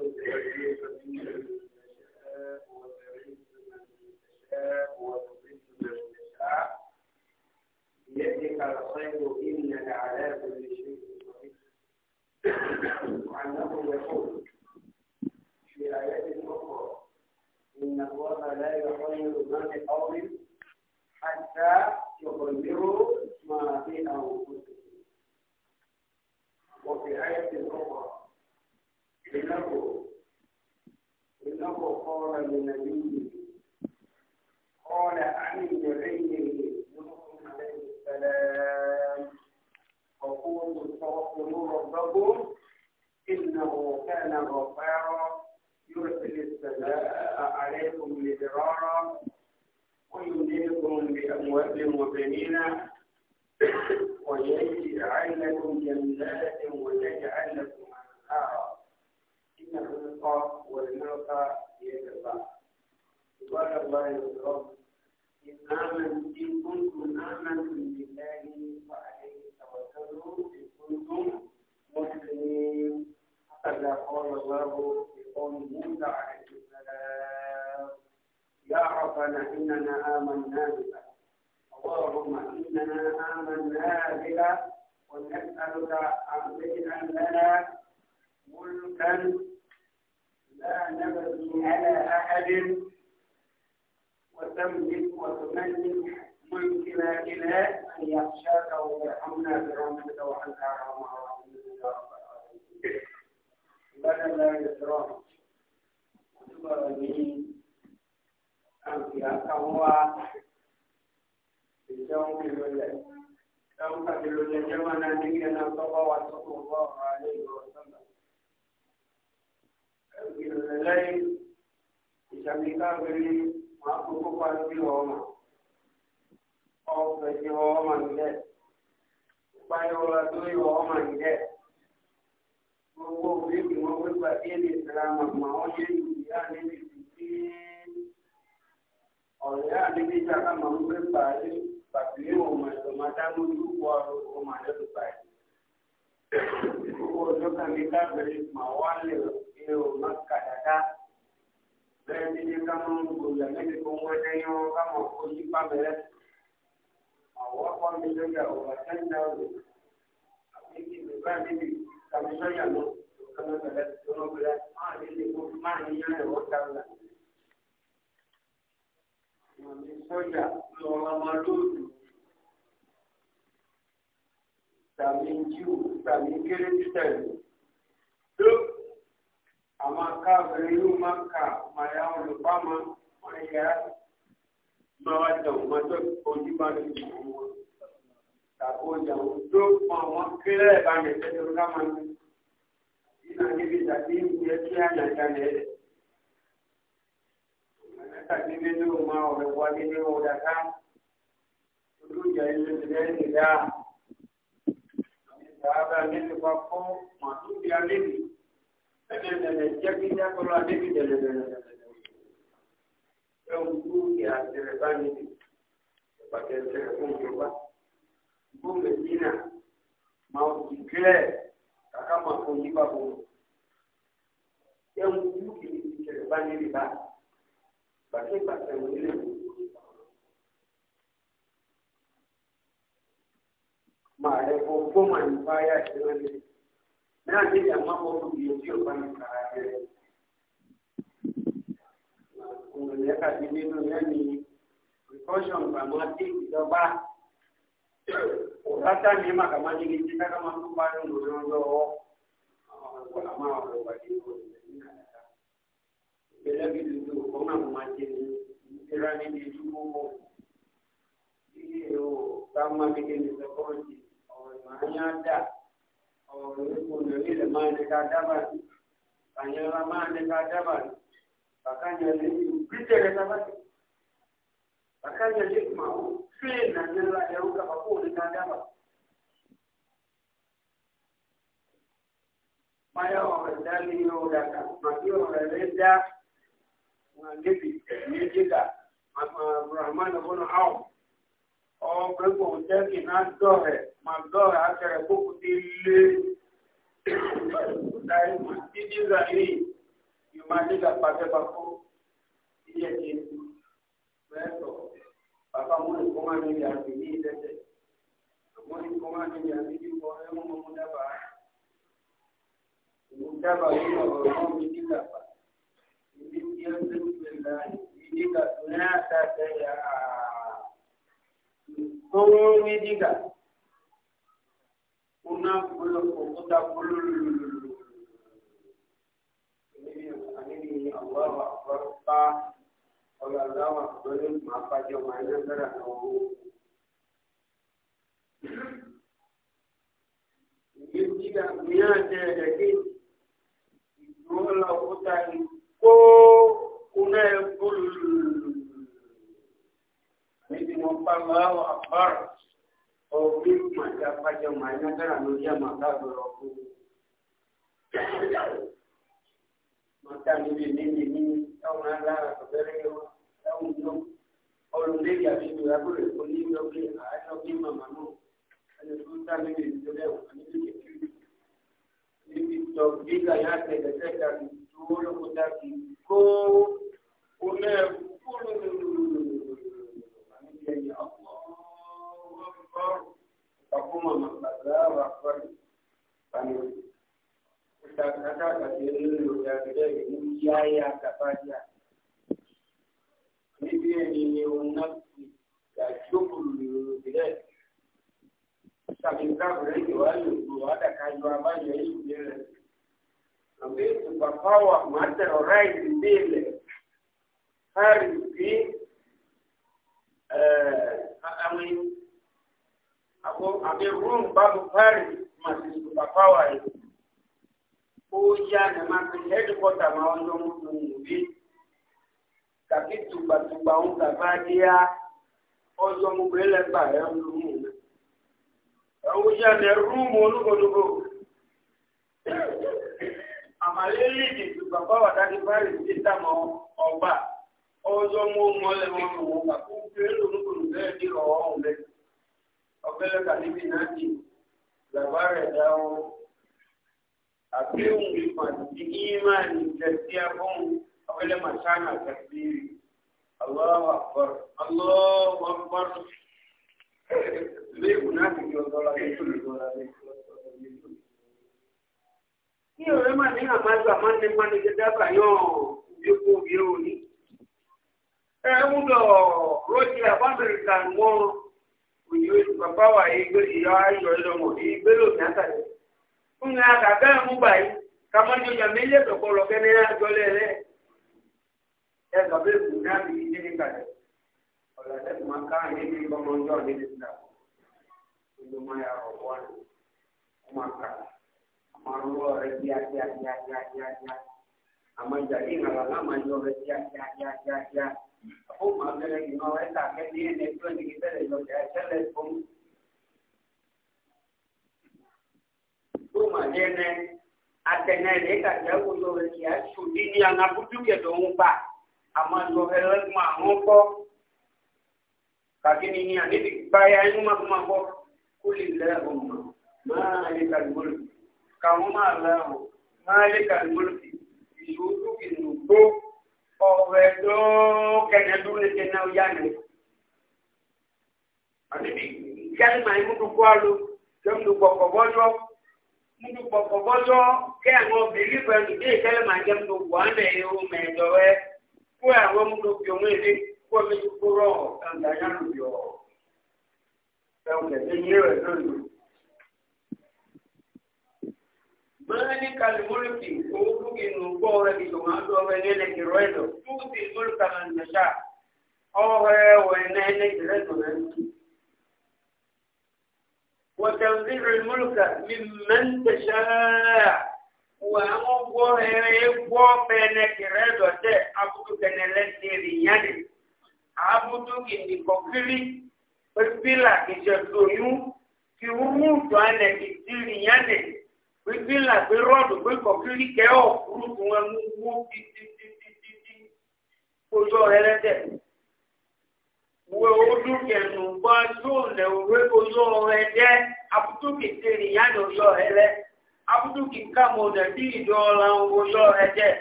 Gracias. لنبيه قال عن بعيره نوح عليه السلام وقولوا استغفروا ربكم إنه كان غفارا يرسل السماء عليكم مدرارا ويمددكم بأموال وبنين ويجعل لكم جنات ويجعل لكم أنهارا إن الرزق والملك يتبع سبحان الله إن آمنت إن كنتم آمنتم بالله وعليه توكلوا إن كنتم مسلمين فقد قال الله في موسى عليه السلام يا ربنا إننا آمنا بك اللهم إننا آمنا بك ونسألك أن تجعل لنا ملكا لا نبغي على أحد وتملك وتملك ملكنا إله أن يخشاك ويرحمنا برحمتك وأن أرحم الراحمين يا رب العالمين. بل لا يسرهم وتبرني أن يتقوى بجوم الله. أو قد لجمنا نبينا صلى الله عليه وسلم ìrẹ̀lẹ̀ ìṣàmì káàkiri máa kó kópa sí ọmọ ọ̀fẹ́ sí ọmọ nílẹ̀ ìpáyọ̀wọ̀lá tó yọ ọmọ nílẹ̀ gbogbo òbí kì wọ́n wé gba kí ní ìsìlámà mọ́ ọ́n yé ìyá níbi tí ọ̀rẹ́ àdébí sábà máa ń gbé pàálí pàtó yóò mọ̀ ẹ̀sọ́ máa dá lójú wọ́ ọ̀rọ̀ ọmọ àdébí pàálí. Owó ọjọ́ kan ní káàkiri máa wá lè rọ̀ ile maka dada bẹ́ẹ̀ ti di kama gbola níbi kó wọn dẹ yọ kama kó yí pamẹlẹ àwọn akọ mi lóya ọba ten thousand àbí kí mi bá níbi kàmi lóya lọ kàmi bẹ̀rẹ̀ lọ bẹ̀rẹ̀ máa ní ní kó máa ní yẹn lọ dáwọlà. Màmí sọ́jà lọ ọmọ lóòdù. Tàbí jù tàbí kéré títẹ̀lù kafiru maka maya olùpamọ wọn yẹra máa wá jẹ òun máa tó ojú bá lè jù wọn tàbí ọjà òun tó mọ àwọn kílẹ̀ bá lè tẹ́tẹ́ ló dáma ní nínú níbi tàbí ìwé kí àyàjà lẹ̀ ẹ̀ tàbí nínú ọmọ ọ̀rẹ́ wọlé ní ọ̀dà ká olùjà ilé ìlẹ̀ ìlà ìlà abẹ́ nínú pápọ̀ màdúbí alẹ́ nìyí. Jẹ́kí ní akọ́lọ́ Adébí dẹ̀dẹ̀dẹ̀dẹ̀. Ẹ̀wù gbóògì àtẹ̀rẹ̀ bá níbi. Ìpàtẹ̀ ẹ̀sẹ̀rẹ̀ fún ìjọba. Gbóògì Dínà máa ń fi kílẹ̀ kàkà máa fún yípa bò. Ẹ̀wù gbóògì àtẹ̀rẹ̀ bá níbi bá. Bàtẹ́ ìpàtẹ̀ wọlé lẹ́nu. Màá rẹ̀ fọ́ fọ́ọ̀mù àyùbáyà ìṣẹ́wọ́n níbi náà ní ìyàmọ́ ọmọ ìyẹn tí ó bá ní kàrà jẹ. Òǹlẹ̀ kàdé nínú yẹn ni precaution gbàmọ́ tí ìjọba òrátá ní màkàmá ní kí ká máa tó bá ní òjò lọ́wọ́ àwọn àmọ́ àwọn ọ̀gbà tí ó lè ní kàdá. Ìgbẹ́lẹ́ bí dúdú òkun náà máa jẹ ní kuna lile maandika dabani kanyala maandika dabani pakanya lili piteleka basi pakanya likma fina nyala yauka pakuli kadaba maya wamedali yodaka makiwa wameleta ngangeti nijika Abdurrahman bunu Auf ọgbẹ́gbọ̀ jẹ́kì náà dọ̀rẹ̀ ma dọ̀rẹ̀ akẹrẹ kókò tí lé ìdáyìmọ̀ tí nígbà yìí yóò máa nígbà pàṣẹ bàkó iye tí mẹ́tọ̀ bàbá mú ní kó má ní ìyá àti ní ìdẹ́tẹ̀ mú ní kó má ní ìyá àti ní ìwọ ẹ̀mú mú dábàá ìwọ dábàá yìí ọ̀rọ̀ mi nígbà pa ìdí tí ó ń tẹ́lẹ̀ láì ìdí kàtó náà dá Tọ́wọ́wé dígà, mo náà gbọ́dọ̀ kọ̀ ini ini Allah lulululu. Níbi àní ni àwọn àwọn àgbọ̀rọ̀ bá ọ̀rọ̀ ini juga máa bàjẹ́ ọmọ ẹgbẹ́ bẹ̀rẹ̀ àwọn owó. Ìyé níbi mo bá lọ́wọ́ àbárò ọ̀gbìn màjá pàjọ màjá dára lórí àmàlà lọ́rọ̀ fún mi. Màtá níbi níbi ní táwọn alára tó bẹ̀rẹ̀ yẹn wá táwọn yọ. Olùdíje àti ìgbìyà bọ̀rẹ̀ kò ní lọ́gbìn àájọ bí màmá náà. Ẹni tó ń dá níbi ìjọba ẹ̀wọ̀n níbi kékeré. Níbi tọ̀ gíga yá tẹ̀lẹ̀ tẹ̀lẹ̀ tó lóko dá sí kó o náà kúrò lòlòlò ẹ̀yìn ọ̀pọ̀lọpọ̀ ọkùnrin màmá bàbá wà pẹ̀lú pàmì ìtàkàtà àti ẹlẹ́lò ìdàgbẹ́ ìlú yáyà kàfáyà níbi ẹni ni òun náà ti gàjókòó lòlò ìbílẹ̀ sàmìkà rẹ̀ ìwádìí òkú àdàkájọ abáyọ ìlú Eh, amin ako abi rum babu pari masi superpower yi o ya na ma pe headquarter ma on do mu bi kapi tuba tuba un ta ba dia o yo mu be le ba e lu mu o ya na rum o lu go lu go amale li di superpower ta di pari ti ta mo oba o yo mu mo le mo mo ba ku kuelu nukulubeli owaombe opele kalibi nati labare dao apiungi kwanti imani jasia bon opele mashana takbiri allahu akbar allahu akbar le unati kiozola kitulizola hiyo wema ni amaza mane mane jadaba yo yuko bioni ẹ̀múdọ̀ rọ́jì àbámẹ́ríkà ń wọ́n òyìnbó bàbá wà yìí gbé ìyá ayọ̀ ẹlọ́mọ yìí gbé lòmí àtàlẹ́. fún mi àgàgà ẹ̀mú báyìí kàmọ́ni ọjà méjì ẹ̀dọ̀kọ́ lọ kẹ́ni àjọ lẹ́lẹ́. ẹ gàbé ìlú náà ní ilé ní kàlẹ́. ọ̀là ẹ̀sìn máa ká àyè ní ọmọ ọjọ́ ní ní ìlà. ìlú máa yà ọ̀ wá ní ọmọ àká. àmọ́ ọwọ́ rẹ̀ bíá bíá bíá bíá bíá bíá. àmọ́ ìjà yìí Uma de que no esta que tiene tú en Quitere lo que hacerle con Uma tiene a tener esta que hago yo de que hay su línea na putu que do un pa. Ama lo que lo ma hongo. Kakini ni ani baya nyuma kuma ko kulillahu ma. Ma alikal mulk. Kama lahu. Ma alikal mulk. Yusufu kinuko ọ̀rẹ́ tó kẹ̀nẹ́ dúró ṣe náà yá ni. Àdébí Gánìmá yìí mútu kó alo, kẹ́ mútu kọ̀kọ̀ bọ́jọ́, mútu kọ̀kọ̀ bọ́jọ́, kẹ́ àwọn obìnrin pẹ̀lú bí ìkẹ́lẹ́ máa jẹ́ mútu wà ń bẹ̀rẹ̀ ohun mẹ̀jọ rẹ, kó àwọn mútu fi òun èlé kó omi tó kúrọ̀ kàǹdà yá lù yọ̀. Ẹ̀wọ̀n kẹ̀kẹ́ مالك الملك قولك نقول بسمعت وبنينك رويدو تؤتي الملك من تشاء أوه وإنهنك رسولا وتنزع الملك ممن تشاء وأمره يقوم بينك ريدو تي أبوك نلسيري يعني abudu kìnnì kọkiri pépìlà kìjọ lóyún kí wúwú tó alẹ kìtìrì yánlẹ pé bílà pé rọ́ọ̀dù pé kọ̀kiri kẹ́ ọ̀ kúrúkù wọn mú wó títítítítí ojú ọ̀rẹ́ lẹ́tẹ̀. Wo ojú kẹnu gbọ́ yóò lẹ̀ òwe ojú ọ̀rẹ́ jẹ́ abudu kìkì ìyáni ojú ọ̀rẹ́ lẹ́. Abudu kìkà mọ̀ dàbí ìjọ ọ̀la ojú ọ̀rẹ́ jẹ́.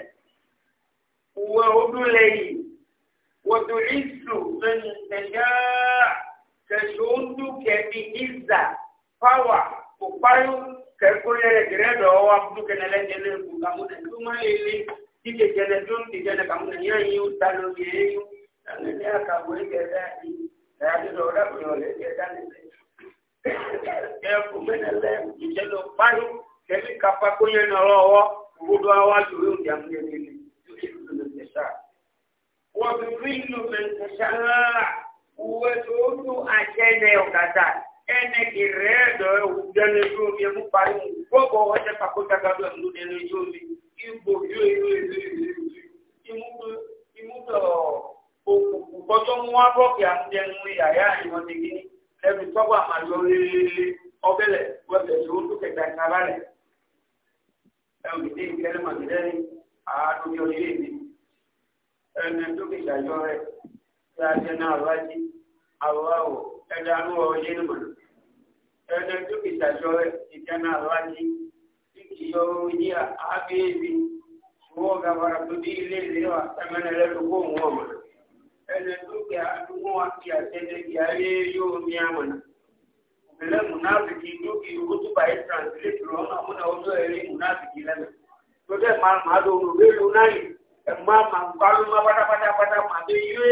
Wo ojú lẹ́yìn. وتعز من تشاء تشد كبعزة فوى وقيم kẹkọrẹ gẹrẹdọ wa kutu kẹnẹ lẹ kẹnẹ kù kàmú nà tó má lè lé tí kẹ kẹnẹ tó ń ti kẹnẹ kàmú nà yẹ yíw ta ló yẹ yíw ẹnẹ ní àkàwé kẹta yìí ẹyà tó dọ̀ ọ̀dà kùnà lẹ kẹta lẹ kẹ kù mẹnẹ lẹ ìjẹ lọ báyìí kẹbi kapa kó yẹ nà lọ́wọ́ gbogbo àwa lórí òjì àmì yẹn lé wọ́n fi fílù mẹ́tẹ̀sán rárá wọ́n tó tó àjẹ́ náà ọ̀kadà ene iredo ugene yomi mu pari mu gogo oje pakota gado ndu deno yomi ibo yo yo yo imudo imudo okoto mu abo ke amde mu ya ya iwon digini ebi togo amayo lele e, obele webe yo tu ke kanabale ebi de kele magideni a do yo lele ene to ke ya yore ya jena alaji Allah ẹ̀dá ló wọ ọyẹ́ nìmọ̀ ẹ̀dá tó fi ṣàṣọ ìdáná aláàjì tí kì í yọ oyé àbẹ́ẹ̀bí wọ́n gàbàrà tó bí ilé ìlé wa sẹ́mẹ́nà lẹ́nu kó wọ́n mọ̀ ẹ̀dá tó fi àdúgbò wa fi àtẹ́lẹ́ kí ayé yóò ní àmọ̀ ìpínlẹ̀ mùnáfìkì tó kì í kótó báyìí translate lọ́nà múnà ọjọ́ ẹ̀rí mùnáfìkì lẹ́nu tó dẹ̀ máa máa lò ó lò ó náà yìí ẹ̀ máa máa gbárùn-ún pátápátá máa dé yúé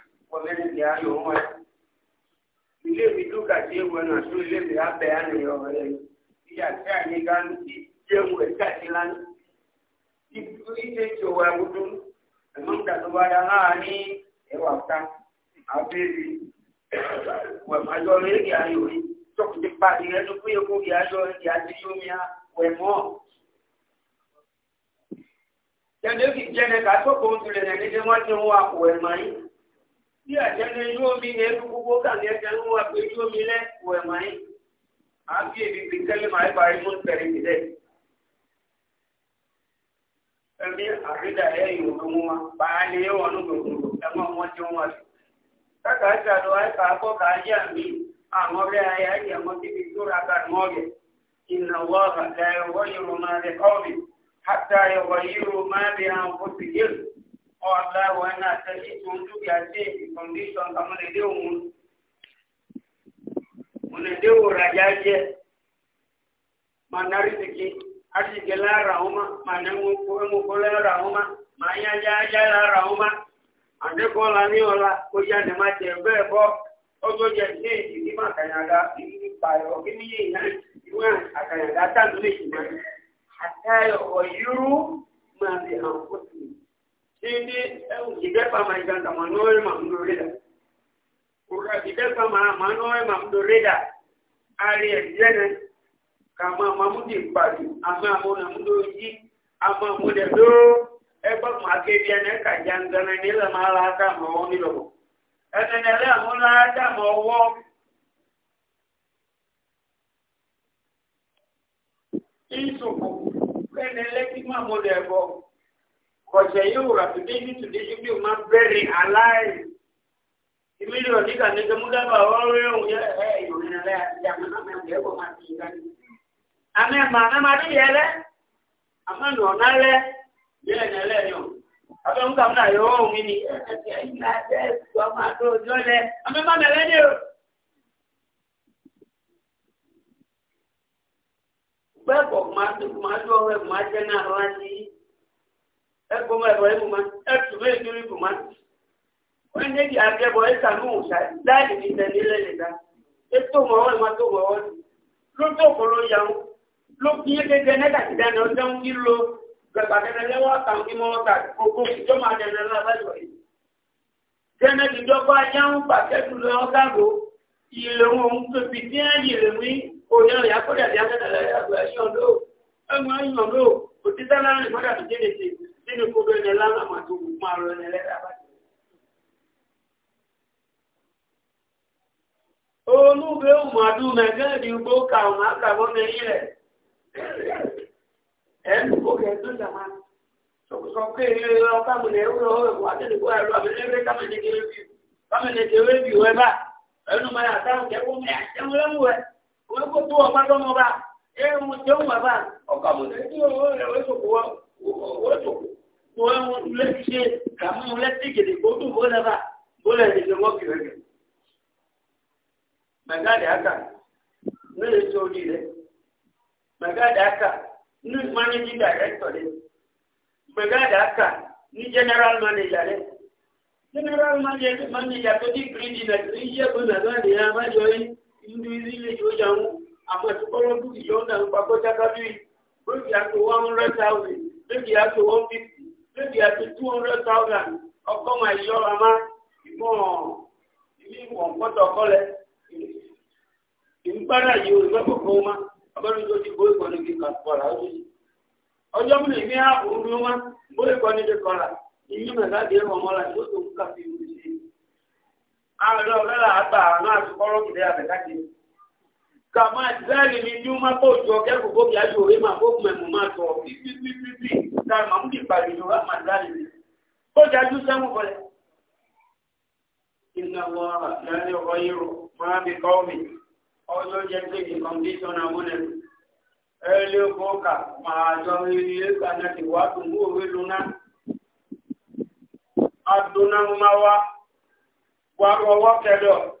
kɔmɛni tɛ a yɔ mɔ yi ilé mi dú kàtí ewu ɛnà tó ilé mi abɛ àná yɔ ɛ ìyá tí a yé ká ti tí ewu ɛ kàtí la ní ìtú ìdè tí o wà wúdú ɛmɔ nígbà tó bá yà náà ní ɛwà ká abéèrè wà má yọ ɛ kí a yọ yi tọkùtì pàdé rẹ tó kúyè kó kí a ti yọ mi à wẹ̀ mọ́. fi jẹ́ni ká tó kó ń ní ẹni tí wọ́n ti ń wá wẹ̀ mọ́ yìí. tí àjẹnu inú omi ní ẹnu gbogbo kàní ẹjẹnu wà pé inú omi lẹ wọ ẹmọ yín àbí èbìbì kẹlẹ màá bá rí mú tẹrẹ mi lẹ. ẹbí àrídà ẹ wa lè gbogbo wọn àwọn ọ̀rẹ́ ayé ayé tó ra ká ìnà or that when I tell you to get safe condition, I'm going to do when I do Rajaje, Manariki, Asigela Rauma, Manamu Mukola Rauma, Maya Jajala Rauma, and the Colaniola, which are the matter of the book. Ojo jẹ ní ìdí máa kàyàgá nípa ẹ̀rọ bí ní ìyá ìwé àkàyàgá tàbí lè ṣùgbọ́n àtàyọ̀ ọ̀yúrú máa fi hàn fún mi. ndị Ini eh, ibepa ma manoe mamdorida. Ura ibepa ma manoe mamdorida. Ali jene kama mamudi mbali ama mona mdoji ama muda do eba makedia ne kajangana ni la mala ta maoni lobo. Ana ne la mona ta mawo ọwụ ko kene leki mamode kọjá yóò rà tùdí ní tùdí ibi ò máa bẹ̀rẹ̀ aláì ìmílí ọ̀dí kà ní gbẹmú dábàá ọ̀rẹ́ òun yẹ ẹ ìròyìn alẹ́ àti àmọ́ àmọ́ ẹ̀ kò máa ti ìgbà ní. àmì ẹ̀mà àmì adé yẹ lẹ àmọ́ nù ọ̀nà lẹ yẹ ẹ̀ nẹ́lẹ̀ ni ẹ̀ ẹ̀ ẹ̀ ìgbà ẹ̀ sọ máa tó ọjọ́ lẹ àmì má mẹ́lẹ́ dé o. gbẹ́bọ̀ máa jẹ́ náà rán ẹkọ mọ ẹbọ ẹmu ma ẹtù mẹ ìdúrí kù ma wọn ní ìdí akẹbọ ẹta ní òòṣà láàyè ní ìtẹ nílẹ nìta ètò mọ ọwọ ìmọ tó mọ ọwọ ló tó kọlọ yà wọn ló fi yé kékeré ní ẹka tìdá ní ọjọ ń kí lo gbẹgbà kẹkẹ lẹwọ àtà ń kí mọ ọta gbogbo ìjọ máa dẹnẹ lọ abájọ yìí dẹnẹ ti dọgbọ ajá ń pa kẹtù lọ ọgágo ìlẹ̀wọ̀n òun tóbi tí ẹ yẹlẹ̀wí òyìn ọ̀yà sínú kóbẹ́ ní lálàmà tó kù máa rọ ní ẹlẹ́dà báyìí. olúbe òmàdú mẹ́gẹ́ẹ̀dì gbó ka ọ̀nà àkàbọ̀ ní ilẹ̀ ẹ̀ẹ́dù kó kẹ́ẹ̀dù jàmá sọ̀kọ̀ pé ilé lọ káàmùn ẹnu máa yà táwọn kẹ́wọ́ mẹ́ rẹ̀ wọ́n kó tó ọ̀pá tọ́mọ ẹ̀rù jẹun wọ́n lé ṣe kàmú lẹ́tí gèdè gbogbo bọ́lẹ́bà bọ́lẹ̀ ìdíje wọ́n kìlọ̀ gẹ̀. Màgáàdì àkà ní èso orí rẹ̀. Màgáàdì àkà ní mánéjì dàrẹ́tọ̀ rẹ̀. Màgáàdì àkà ní general manager rẹ̀. General manager tó ti kiri di Nàìjíríà iye kó Nàìjíríà ní abájọ yìí ndú ilé ìjọba àwọn àwọn ẹ̀sùnkọ́rọ́ dúkìá ọ̀nà àpapọ̀ jákàdúrì. Bóyá tó one hundred thousand, bóyá tó one fifty. lóde àti two hundred thousand ọgọ́mọ ìṣọ́ra má ìmọ̀ ìmí ìwọ̀npọ̀tọ̀ ti gbó ìkọ́ni kí kàkọ́ra ó yìí ọjọ́ mi ní ààbò ń bí wọn gbó ìkọ́ni ti kọ́ra ìyí mẹ́ta di ẹ̀rọ ọmọlá yóò tó ń kà sí kama zali ni nyuma bojo kero bobi ajo rema bobi memumato bibi bibi bibi kama mudi palilo kama zali ni bojo ajo samu kole inna allaha la yughayyiru ma bi qaumin ojo jente ki condition amone ele boka ma jo ni kana ti watu mu weluna aduna mawa wa ro wa kedo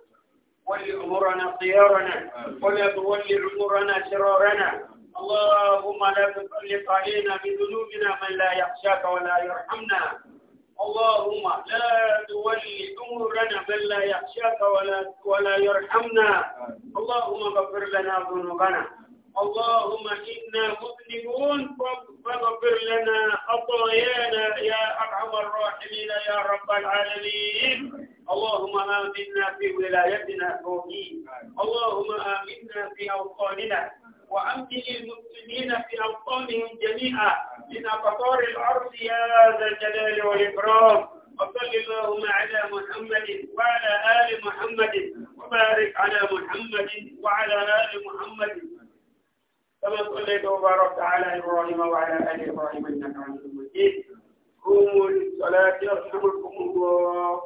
ولي أمورنا خيارنا ولا تولي أمورنا شرارنا اللهم لا تسلط علينا بذنوبنا من لا يخشاك ولا يرحمنا اللهم لا تولي أمورنا من لا يخشاك ولا ولا يرحمنا اللهم غفر لنا ذنوبنا اللهم إنا مذنبون فاغفر لنا خطايانا يا الراحمين يا رب العالمين اللهم آمنا في ولايتنا فوقين اللهم آمنا في أوطاننا وأمن المسلمين في أوطانهم جميعا من أقطار الأرض يا ذا الجلال والإكرام وصل اللهم على محمد وعلى آل محمد وبارك على محمد وعلى آل محمد كما صليت وباركت على ابراهيم وعلى ال ابراهيم انك حميد مجيد قوموا للصلاة يرحمكم الله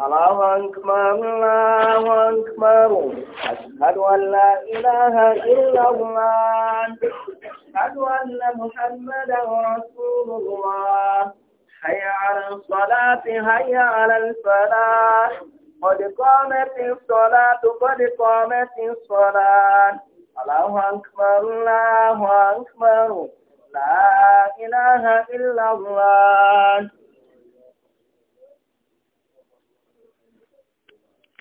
الله أكبر الله أكبر أشهد أن لا إله إلا الله أشهد أن محمدا رسول الله حي على الصلاة حي على الفلاح قد قامت الصلاة قد قامت الصلاة الله أكبر الله أكبر لا إله إلا الله